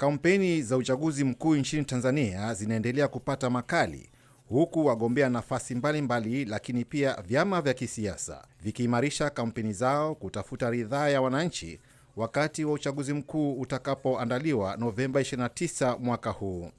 Kampeni za uchaguzi mkuu nchini Tanzania zinaendelea kupata makali huku wagombea nafasi mbalimbali mbali, lakini pia vyama vya kisiasa vikiimarisha kampeni zao kutafuta ridhaa ya wananchi wakati wa uchaguzi mkuu utakapoandaliwa Novemba 29 mwaka huu.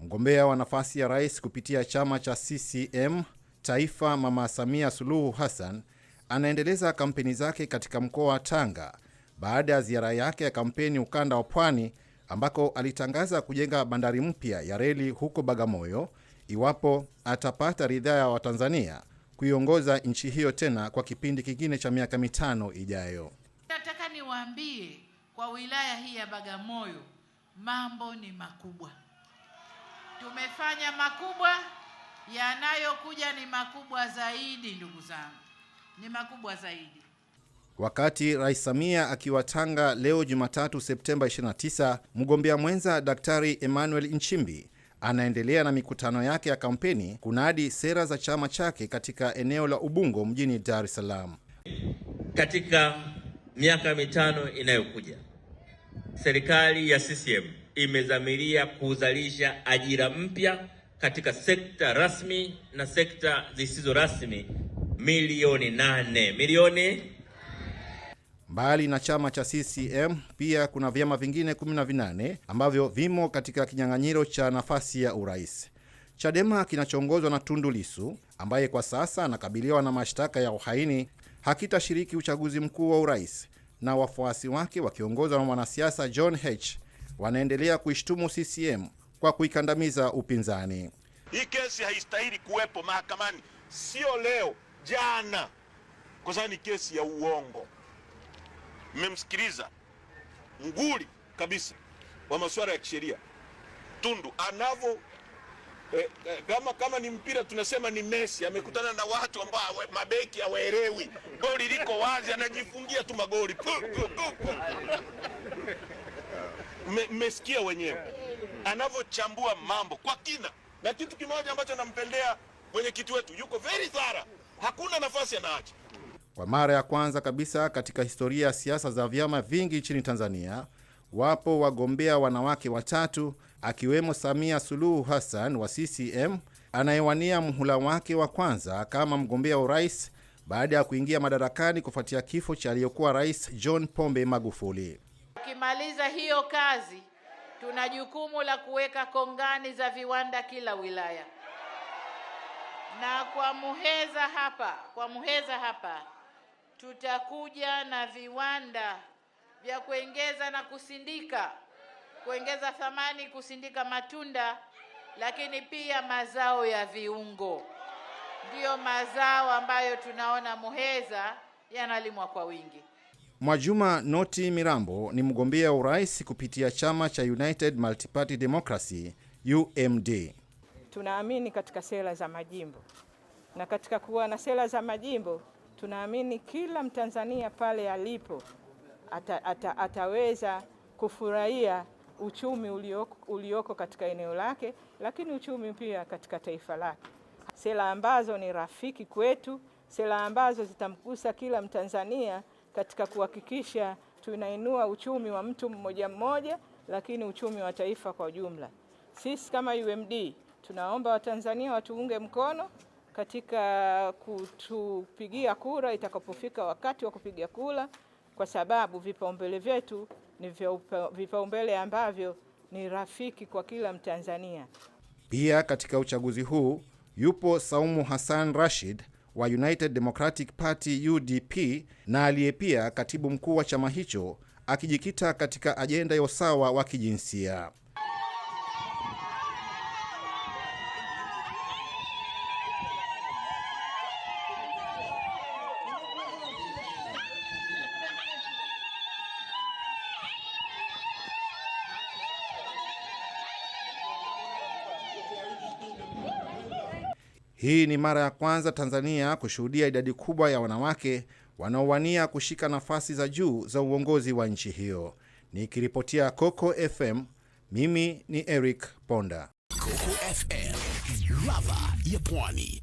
Mgombea wa nafasi ya rais kupitia chama cha CCM Taifa, Mama Samia Suluhu Hassan anaendeleza kampeni zake katika mkoa wa Tanga baada ya ziara yake ya kampeni ukanda wa Pwani ambako alitangaza kujenga bandari mpya ya reli huko Bagamoyo iwapo atapata ridhaa ya Watanzania kuiongoza nchi hiyo tena kwa kipindi kingine cha miaka mitano ijayo. Nataka niwaambie kwa wilaya hii ya Bagamoyo mambo ni makubwa, tumefanya makubwa, yanayokuja ni makubwa zaidi. Ndugu zangu, ni makubwa zaidi. Wakati Rais Samia akiwa Tanga leo Jumatatu Septemba 29, mgombea mwenza Daktari Emmanuel Nchimbi anaendelea na mikutano yake ya kampeni kunadi sera za chama chake katika eneo la Ubungo mjini Dar es Salaam. Katika miaka mitano inayokuja, serikali ya CCM imezamiria kuzalisha ajira mpya katika sekta rasmi na sekta zisizo rasmi milioni nane milioni Mbali na chama cha CCM pia kuna vyama vingine kumi na vinane ambavyo vimo katika kinyang'anyiro cha nafasi ya urais. Chadema kinachoongozwa na Tundu Lisu ambaye kwa sasa anakabiliwa na mashtaka ya uhaini hakitashiriki uchaguzi mkuu wa urais, na wafuasi wake wakiongozwa na mwanasiasa John H wanaendelea kuishtumu CCM kwa kuikandamiza upinzani. Hii kesi haistahili kuwepo mahakamani, sio leo, jana, kwa sababu ni kesi ya uongo mmemsikiliza nguli kabisa wa masuala ya kisheria Tundu anavo eh, eh, kama kama ni mpira tunasema ni Messi amekutana na watu ambao mabeki hawaelewi, goli liko wazi, anajifungia tu magoli. Mmesikia wenyewe anavyochambua mambo kwa kina, na kitu kimoja ambacho nampendea mwenyekiti wetu, yuko very thara, hakuna nafasi anaacha kwa mara ya kwanza kabisa katika historia ya siasa za vyama vingi nchini Tanzania, wapo wagombea wanawake watatu, akiwemo Samia Suluhu Hassan wa CCM anayewania mhula wake wa kwanza kama mgombea urais baada ya kuingia madarakani kufuatia kifo cha aliyekuwa Rais John Pombe Magufuli. Tukimaliza hiyo kazi, tuna jukumu la kuweka kongani za viwanda kila wilaya na kwa Muheza hapa, kwa Muheza hapa tutakuja na viwanda vya kuongeza na kusindika, kuongeza thamani, kusindika matunda, lakini pia mazao ya viungo. Ndiyo mazao ambayo tunaona Muheza yanalimwa kwa wingi. Mwajuma Noti Mirambo ni mgombea urais kupitia chama cha United Multiparty Democracy UMD. Tunaamini katika sera za majimbo na katika kuwa na sera za majimbo Tunaamini kila Mtanzania pale alipo ata, ata, ataweza kufurahia uchumi ulioko, ulioko katika eneo lake, lakini uchumi pia katika taifa lake, sera ambazo ni rafiki kwetu, sera ambazo zitamgusa kila Mtanzania katika kuhakikisha tunainua uchumi wa mtu mmoja mmoja, lakini uchumi wa taifa kwa ujumla. Sisi kama UMD tunaomba Watanzania watuunge mkono katika kutupigia kura itakapofika wakati wa kupiga kura, kwa sababu vipaumbele vyetu ni vipaumbele ambavyo ni rafiki kwa kila Mtanzania. Pia katika uchaguzi huu yupo Saumu Hassan Rashid wa United Democratic Party UDP, na aliye pia katibu mkuu wa chama hicho, akijikita katika ajenda ya usawa wa kijinsia. Hii ni mara ya kwanza Tanzania kushuhudia idadi kubwa ya wanawake wanaowania kushika nafasi za juu za uongozi wa nchi hiyo. Nikiripotia Coco FM, mimi ni Eric Ponda, Coco FM, ladha ya Pwani.